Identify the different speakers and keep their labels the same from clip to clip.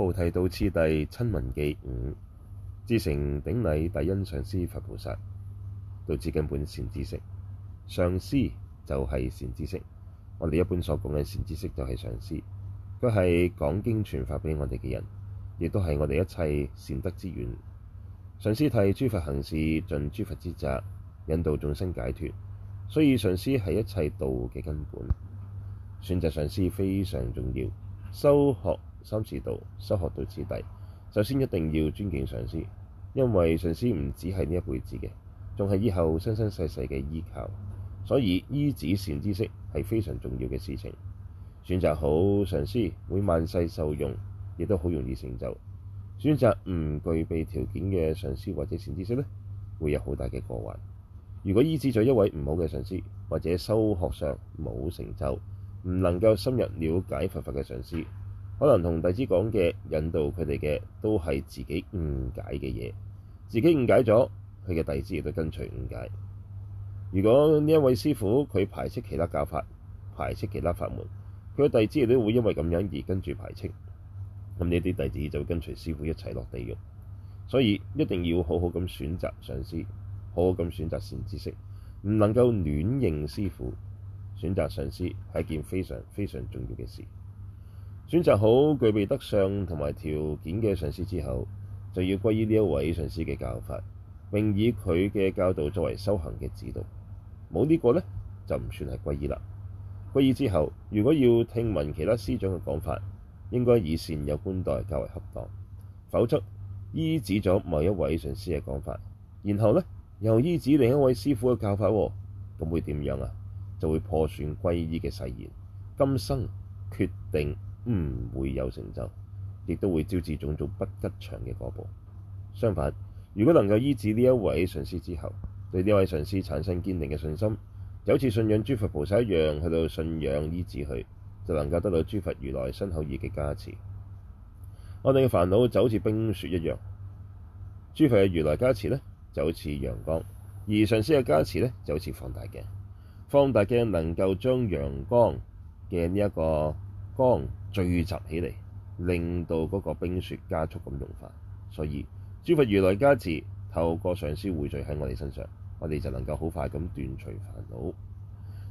Speaker 1: 菩提道次第親聞記五，至誠頂禮大恩上師佛菩薩，道之根本善知識。上師就係善知識，我哋一般所講嘅善知識就係上師，佢係講經傳法俾我哋嘅人，亦都係我哋一切善德之源。上師替諸佛行事，盡諸佛之責，引導眾生解脱。所以上師係一切道嘅根本，選擇上師非常重要，修學。三士道修學到此地，首先一定要尊敬上師，因為上師唔止係呢一輩子嘅，仲係以後生生世世嘅依靠。所以依止善知識係非常重要嘅事情。選擇好上師會萬世受用，亦都好容易成就。選擇唔具備條件嘅上師或者善知識呢，會有好大嘅過患。如果依止咗一位唔好嘅上師，或者修學上冇成就，唔能夠深入了解佛法嘅上師，可能同弟子講嘅引導佢哋嘅都係自己誤解嘅嘢，自己誤解咗，佢嘅弟子亦都跟隨誤解。如果呢一位師傅佢排斥其他教法，排斥其他法門，佢嘅弟子亦都會因為咁樣而跟住排斥。咁呢啲弟子就會跟隨師傅一齊落地獄。所以一定要好好咁選擇上師，好好咁選擇善知識，唔能夠亂認師傅。選擇上師係一件非常非常重要嘅事。選擇好具備德相同埋條件嘅上師之後，就要皈依呢一位上師嘅教法，並以佢嘅教導作為修行嘅指導。冇呢個咧，就唔算係皈依啦。皈依之後，如果要聽聞其他師長嘅講法，應該以善友觀待較為恰當。否則依止咗某一位上師嘅講法，然後咧又依止另一位師父嘅教法，咁會點樣啊？就會破損皈依嘅誓言，今生決定，唔會有成就，亦都會招致種種不吉祥嘅果報。相反，如果能夠依止呢一位上師之後，對呢位上師產生堅定嘅信心，就好似信仰諸佛菩薩一樣，去到信仰依止佢，就能夠得到諸佛如來身口意嘅加持。我哋嘅煩惱就好似冰雪一樣，諸佛嘅如來加持咧就好似陽光，而上師嘅加持咧就好似放大鏡。放大鏡能夠將陽光嘅呢一個光。聚集起嚟，令到嗰個冰雪加速咁融化。所以，諸佛如來加持，透過上師匯聚喺我哋身上，我哋就能夠好快咁斷除煩惱，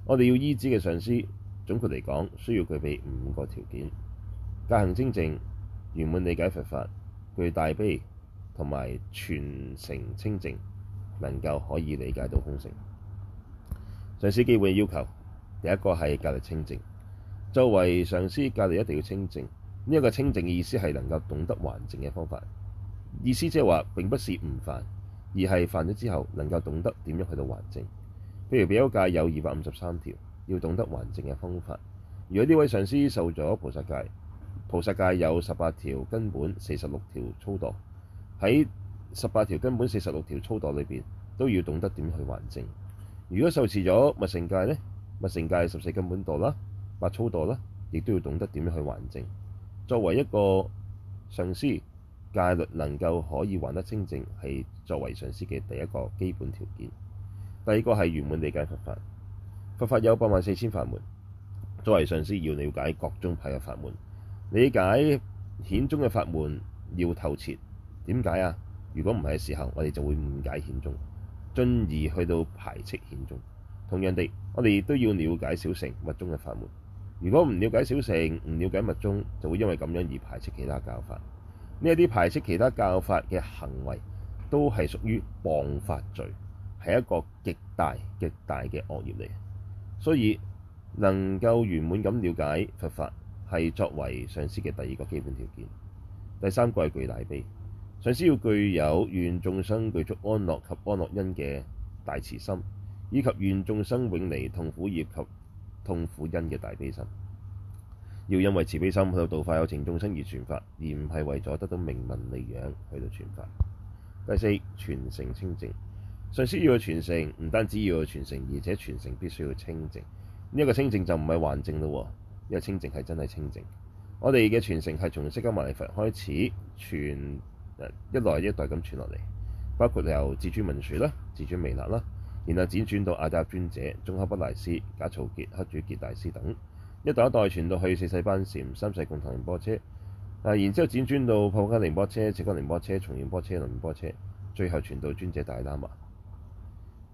Speaker 1: 我哋要依止嘅上師，總括嚟講需要具備五個條件：戒行清淨，圓滿理解佛法、具大悲同埋傳承清淨，能夠可以理解到空性。上師基本要求，第一個係戒律清淨。作為上師，戒律一定要清淨。呢、這、一個清淨意思係能夠懂得還淨嘅方法。意思即係話，並不是唔犯，而係犯咗之後能夠懂得點樣去到還淨。譬如比丘戒有二百五十三條，要懂得還淨嘅方法。如果呢位上師受咗菩薩戒，菩薩戒有十八條根本、四十六條操度。喺十八條根本、四十六條操度裏面都要懂得點去還淨。如果受持咗密乘戒呢，密乘戒十四根本墮啦。或操舵咧，亦都要懂得點樣去還淨。作為一個上師戒律能夠可以還得清淨，係作為上師嘅第一個基本條件。第二個係圓滿理解佛法，佛法有八萬四千法門。作為上師要了解各宗派嘅法門，理解顯宗嘅法門要透徹。點解啊？如果唔係嘅時候，我哋就會誤解顯宗，進而去到排斥顯宗。同樣地，我哋亦都要了解小乘密宗嘅法門。如果唔了解小乘，唔了解密宗，就會因為咁樣而排斥其他教法。呢一啲排斥其他教法嘅行為，都係屬於謗法罪，係一個極大極大嘅惡業嚟。所以能夠圓滿咁了解佛法，係作為上師嘅第二個基本條件。第三個係具大悲，上師要具有願眾生具足安樂及安樂因嘅大慈心，以及願眾生永離痛苦以及痛苦因嘅大悲心，要因為慈悲心去到度化有情眾生而傳法，而唔係為咗得到名聞利養去到傳法。第四，傳承清淨，上師要有傳承，唔單止要有傳承，而且傳承必須要清淨。呢、這、一個清淨就唔係幻淨咯，呢、這個清淨係真係清淨。我哋嘅傳承係從釋迦牟尼佛開始傳，一來一代咁傳落嚟，包括由至尊文殊啦、至尊彌勒啦。然後輾轉到阿底峽尊者、宗喀巴大師、賈曹傑、克珠傑大師等，一代一代傳到去四世班禪、三世貢唐仁波切，啊，然之後輾轉到帕繃喀仁波切、赤冮仁波切、松仁波切、鈴仁波切，最後傳到尊者達賴喇嘛。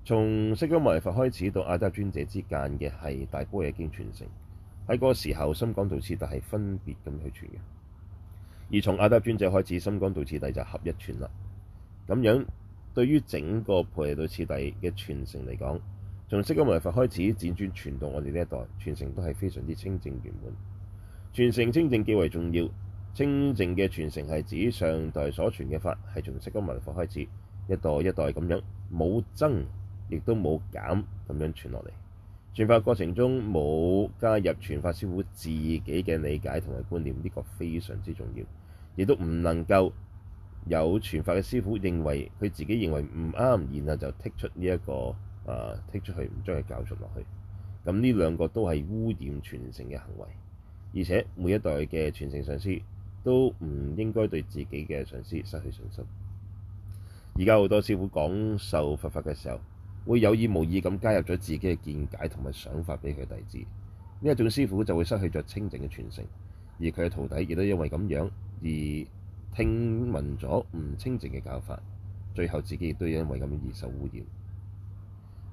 Speaker 1: 從釋迦牟尼佛開始到阿底峽尊者之間嘅係大般若經傳承，喺嗰個時候，深廣道次第係分別咁去傳嘅，而從阿底峽尊者開始，深廣道次第就合一傳啦。咁樣。對於整個菩提道次第嘅傳承嚟講，從釋迦牟尼佛，開始輾轉傳到我哋呢一代，傳承都係非常之清淨圓滿。傳承清淨極為重要，清淨嘅傳承係指上代所傳嘅法係從釋迦牟尼佛開始，一代一代咁樣冇增亦都冇減咁樣傳落嚟。傳法過程中冇加入傳法師父自己嘅理解同埋觀念，呢個非常之重要，亦都唔能夠。有傳法嘅師傅認為佢自己認為唔啱，然後就剔出呢、這、一個啊剔出去，唔將佢教俗落去。咁呢兩個都係污染傳承嘅行為，而且每一代嘅傳承上師都唔應該對自己嘅上師失去信心。而家好多師傅講授佛法嘅時候，會有意無意咁加入咗自己嘅見解同埋想法俾佢弟子，呢一種師傅就會失去咗清淨嘅傳承，而佢嘅徒弟亦都因為咁樣而。聽聞咗唔清淨嘅教法，最後自己亦都因為咁而受污染，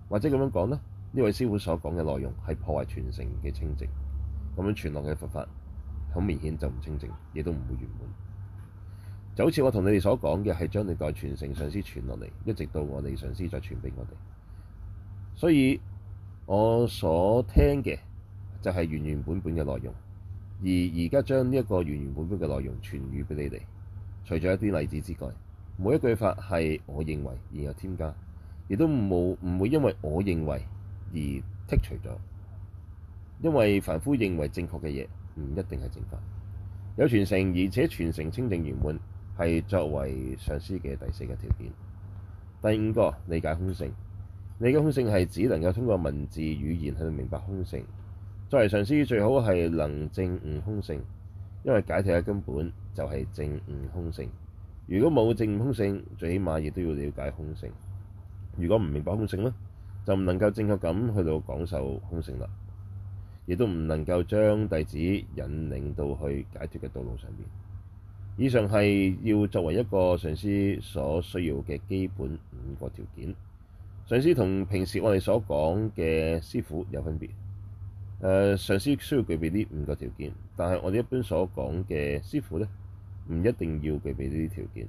Speaker 1: 或者咁樣講咧，呢位師父所講嘅內容係破壞傳承嘅清淨，咁樣傳落嘅佛法好明顯就唔清淨，亦都唔會圓滿。就好似我同你哋所講嘅，係將歷代傳承上師傳落嚟，一直到我哋上師再傳畀我哋。所以我所聽嘅就係原原本本嘅內容，而而家將呢一個原原本本嘅內容傳予畀你哋。除咗一啲例子之外，每一句法係我認為，然後添加，亦都冇唔會因為我認為而剔除咗。因為凡夫認為正確嘅嘢唔一定係正法，有傳承，而且傳承清淨圓滿係作為上師嘅第四個條件。第五個理解空性，理解空性係只能夠通過文字語言去明白空性。作為上師最好係能證悟空性，因為解脫係根本。就係證悟空性。如果冇證悟空性，最起碼亦都要了解空性。如果唔明白空性呢就唔能夠正確咁去到講授空性啦，亦都唔能夠將弟子引領到去解脫嘅道路上面。以上係要作為一個上師所需要嘅基本五個條件。上師同平時我哋所講嘅師父有分別。誒、呃，上師需要具備呢五個條件，但係我哋一般所講嘅師父咧。唔一定要具備呢啲條件，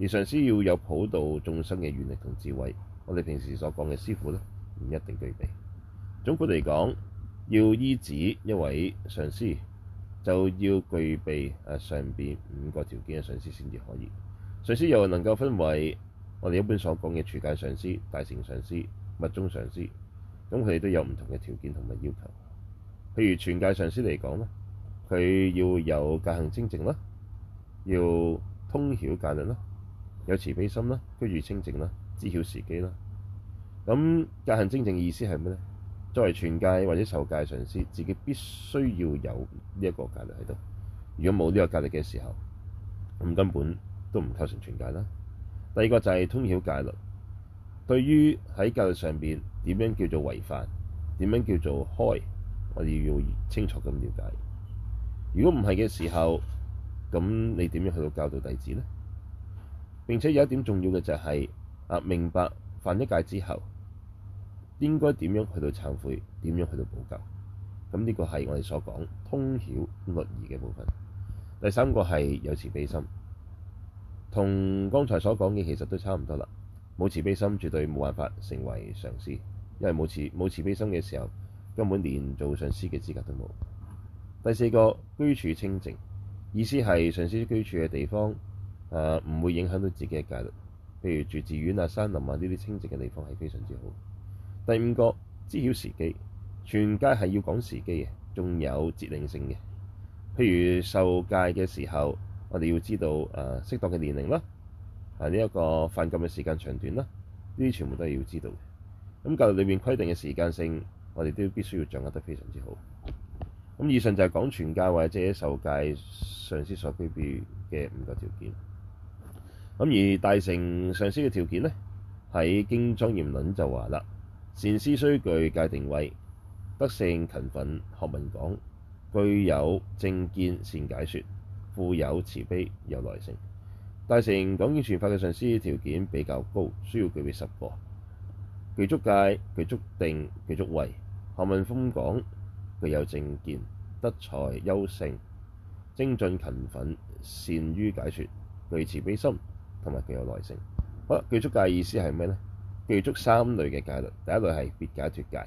Speaker 1: 而上師要有普度眾生嘅願力同智慧。我哋平時所講嘅師傅咧，唔一定具備。總括嚟講，要依止一位上師，就要具備誒、啊、上邊五個條件嘅上師先至可以。上師又能夠分為我哋一般所講嘅傳戒上師、大乘上師、密宗上師，咁佢哋都有唔同嘅條件同埋要求。譬如傳戒上師嚟講咧，佢要有戒行清淨啦。要通曉戒律啦，有慈悲心啦，居住清淨啦，知曉時機啦。咁戒行精淨意思係咩咧？作為傳戒或者授戒上師，自己必須要有呢一個戒律喺度。如果冇呢個戒律嘅時候，咁根本都唔構成傳戒啦。第二個就係通曉戒律，對於喺戒律上邊點樣叫做違犯，點樣叫做開，我哋要清楚咁了解。如果唔係嘅時候，咁你點樣去到教導弟子呢？並且有一點重要嘅就係、是、啊，明白犯一戒之後，應該點樣去到懺悔，點樣去到補救。咁呢個係我哋所講通曉律儀嘅部分。第三個係有慈悲心，同剛才所講嘅其實都差唔多啦。冇慈悲心絕對冇辦法成為上師，因為冇慈冇慈悲心嘅時候，根本連做上師嘅資格都冇。第四個居處清淨。意思係上師居住嘅地方，誒、呃、唔會影響到自己嘅戒律，譬如住寺院啊、山林啊呢啲清淨嘅地方係非常之好。第五個，知曉時機，傳戒係要講時機嘅，仲有節令性嘅。譬如受戒嘅時候，我哋要知道誒、呃、適當嘅年齡啦，啊呢一、這個犯禁嘅時間長短啦，呢啲全部都係要知道嘅。咁戒律裏面規定嘅時間性，我哋都必須要掌握得非常之好。咁以上就係講傳戒或者授戒上師所具備嘅五個條件。咁而大乘上師嘅條件呢，喺經莊嚴論就話啦：善師須具戒定慧，德性勤奮學問廣，具有正見善解説，富有慈悲有耐性。大乘講完傳法嘅上師條件比較高，需要具備十個：具足戒、具足定、具足慧。」學問豐廣。佢有正見，德才優勝，精進勤奮，善於解説，具慈悲心，同埋佢有耐性。好啦，具足戒嘅意思係咩咧？具足三類嘅戒律，第一類係別解脫戒，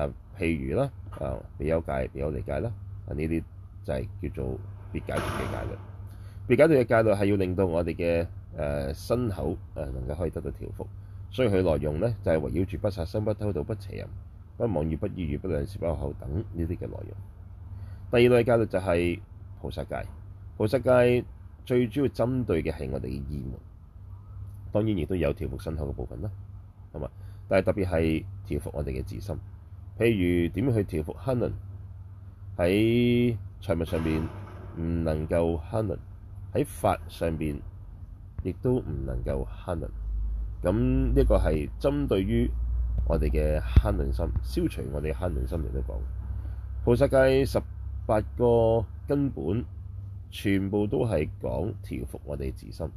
Speaker 1: 啊，譬如啦，啊，比丘戒、比丘尼戒啦，啊，呢啲就係叫做別解脫嘅戒律。別解脫嘅戒律係要令到我哋嘅誒身口啊能夠可以得到調伏，所以佢內容咧就係、是、圍繞住不殺生、不偷盜、不邪淫。不妄語、不綺語、不兩舌、不惡口等呢啲嘅內容。第二類教律就係菩薩戒。菩薩戒最主要針對嘅係我哋意門，當然亦都有調伏身口嘅部分啦，但係特別係調伏我哋嘅自心，譬如點樣去調伏慳吝，喺財物上面唔能夠慳吝，喺法上面亦都唔能夠慳吝。咁呢個係針對於。我哋嘅慳鈍心，消除我哋慳鈍心亦都講，菩薩戒十八個根本，全部都係講調伏我哋自身，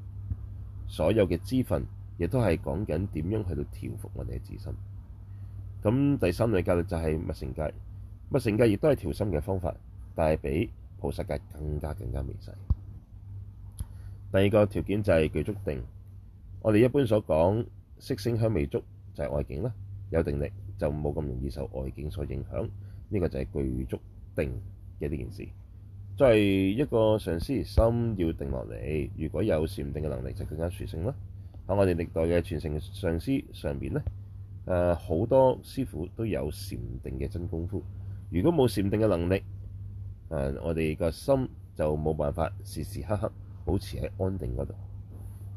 Speaker 1: 所有嘅支分亦都係講緊點樣去到調伏我哋自身。咁第三類戒律就係密乘戒，密乘戒亦都係調心嘅方法，但係比菩薩戒更加更加微細。第二個條件就係具足定，我哋一般所講色聲香味觸就係、是、外境啦。有定力就冇咁容易受外境所影響，呢、這個就係具足定嘅呢件事。作為一個上師，心要定落嚟，如果有禪定嘅能力，就更加殊勝啦。喺我哋歷代嘅傳承上師上面咧，誒、呃、好多師傅都有禪定嘅真功夫。如果冇禪定嘅能力，誒、呃、我哋個心就冇辦法時時刻刻保持喺安定嗰度。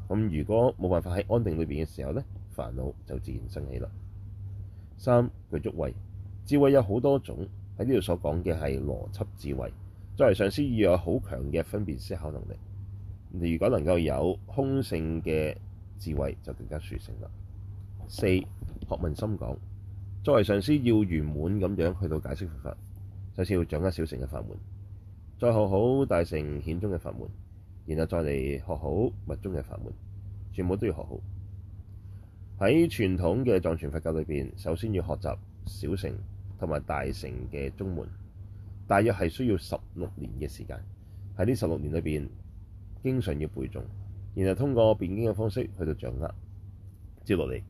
Speaker 1: 咁、嗯、如果冇辦法喺安定裏邊嘅時候咧，煩惱就自然生起啦。三、具足位智慧，有好多種，喺呢度所講嘅係邏輯智慧。作為上師要有好強嘅分別思考能力。你如果能夠有空性嘅智慧就更加殊勝啦。四、學問深廣，作為上師要圓滿咁樣去到解釋佛法，首先要掌握小乘嘅法門，再學好大乘顯宗嘅法門，然後再嚟學好密宗嘅法門，全部都要學好。喺傳統嘅藏傳佛教裏邊，首先要學習小乘同埋大乘嘅中門，大約係需要十六年嘅時間。喺呢十六年裏邊，經常要背誦，然後通過辯經嘅方式去到掌握。接落嚟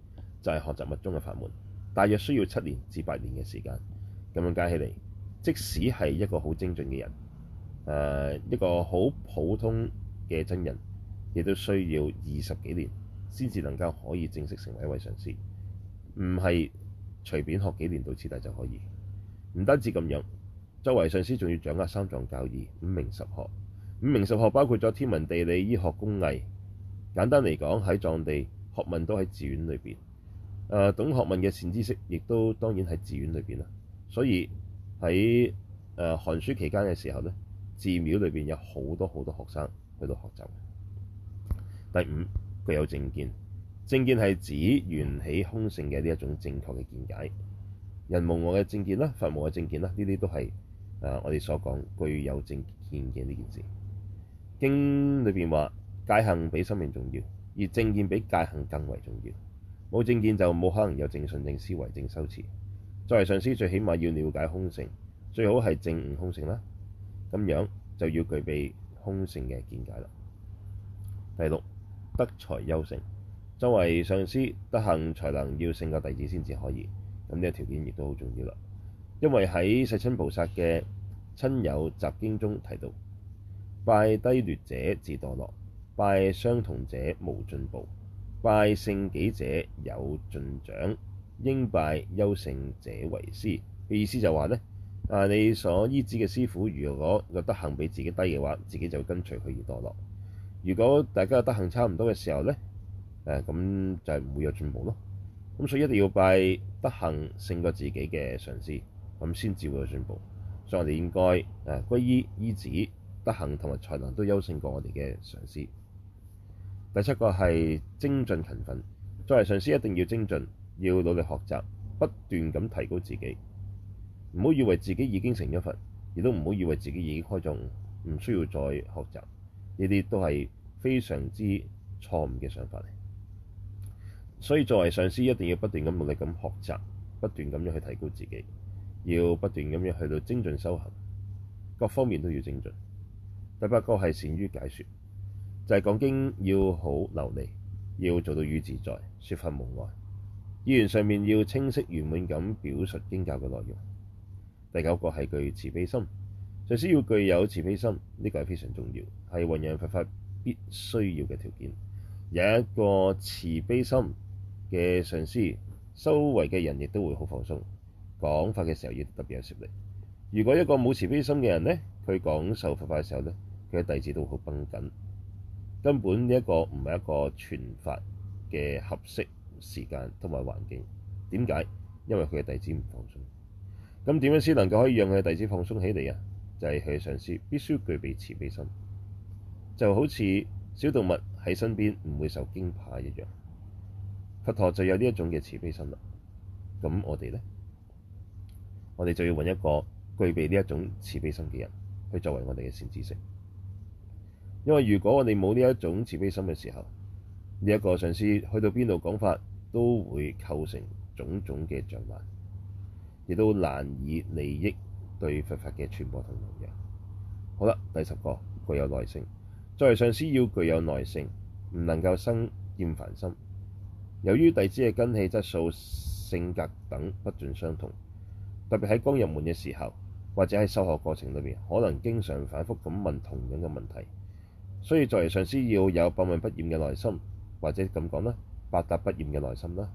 Speaker 1: 就係學習密宗嘅法門，大約需要七年至八年嘅時間。咁樣加起嚟，即使係一個好精進嘅人，誒、呃、一個好普通嘅僧人，亦都需要二十幾年。先至能夠可以正式成為一位上師，唔係隨便學幾年到次第就可以。唔單止咁樣，作為上師仲要掌握三藏教義、五明十學。五明十學包括咗天文地理、醫學工藝。簡單嚟講，喺藏地學問都喺寺院裏邊，呃，懂學問嘅善知識亦都當然喺寺院裏邊啦。所以喺寒暑假期間嘅時候咧，寺廟裏邊有好多好多學生喺度學習。第五。具有正見，正見係指緣起空性嘅呢一種正確嘅見解。人無我嘅正見啦，佛無我嘅正見啦，呢啲都係誒我哋所講具有正見嘅呢件事。經裏邊話戒行比生命重要，而正見比戒行更為重要。冇正見就冇可能有正信、正思維、正修持。作為上師，最起碼要了解空性，最好係證悟空性啦。咁樣就要具備空性嘅見解啦。第六。德才優勝，作為上師，德行才能要勝過弟子先至可以。咁呢個條件亦都好重要啦。因為喺《世親菩薩嘅親友集經》中提到：拜低劣者自墮落，拜相同者無進步，拜勝己者有進長。應拜優勝者為師嘅意思就話呢：「但你所依止嘅師傅，如果個德行比自己低嘅話，自己就跟隨佢而墮落。如果大家嘅德行差唔多嘅時候呢，誒、啊、咁就係唔會有進步咯。咁所以一定要拜德行勝過自己嘅上師，咁先至會有進步。所以我哋應該誒皈依依止德行同埋才能都優勝過我哋嘅上師。第七個係精進勤奮，作為上師一定要精進，要努力學習，不斷咁提高自己。唔好以為自己已經成咗佛，亦都唔好以為自己已經開咗悟，唔需要再學習。呢啲都係非常之錯誤嘅想法嚟，所以作為上師一定要不斷咁努力咁學習，不斷咁樣去提高自己，要不斷咁樣去到精進修行，各方面都要精進。第八個係善於解説，就係講經要好流利，要做到語自在，説法無礙，語言上面要清晰圓滿咁表述經教嘅內容。第九個係具慈悲心。上師要具有慈悲心，呢個係非常重要，係弘揚佛法必須要嘅條件。有一個慈悲心嘅上師，周圍嘅人亦都會好放鬆，講法嘅時候，亦特別有説力。如果一個冇慈悲心嘅人咧，佢講授佛法嘅時候咧，佢嘅弟子都好繃緊，根本呢一個唔係一個傳法嘅合適時間同埋環境。點解？因為佢嘅弟子唔放鬆。咁點樣先能夠可以讓佢嘅弟子放鬆起嚟啊？係去上師必須具備慈悲心，就好似小動物喺身邊唔會受驚怕一樣。佛陀就有呢一種嘅慈悲心啦。咁我哋咧，我哋就要揾一個具備呢一種慈悲心嘅人去作為我哋嘅善知識。因為如果我哋冇呢一種慈悲心嘅時候，呢一個上師去到邊度講法都會構成種種嘅障礙，亦都難以利益。對佛法嘅傳播同弘揚。好啦，第十個具有耐性。作為上師要具有耐性，唔能夠生厭煩心。由於弟子嘅根器、質素、性格等不盡相同，特別喺剛入門嘅時候，或者喺修學過程裏面，可能經常反覆咁問同樣嘅問題。所以作為上師要有百問不厭嘅耐心，或者咁講啦，百答不厭嘅耐心啦。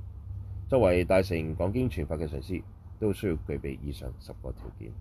Speaker 1: 作為大乘講經傳法嘅上師，都需要具備以上十個條件。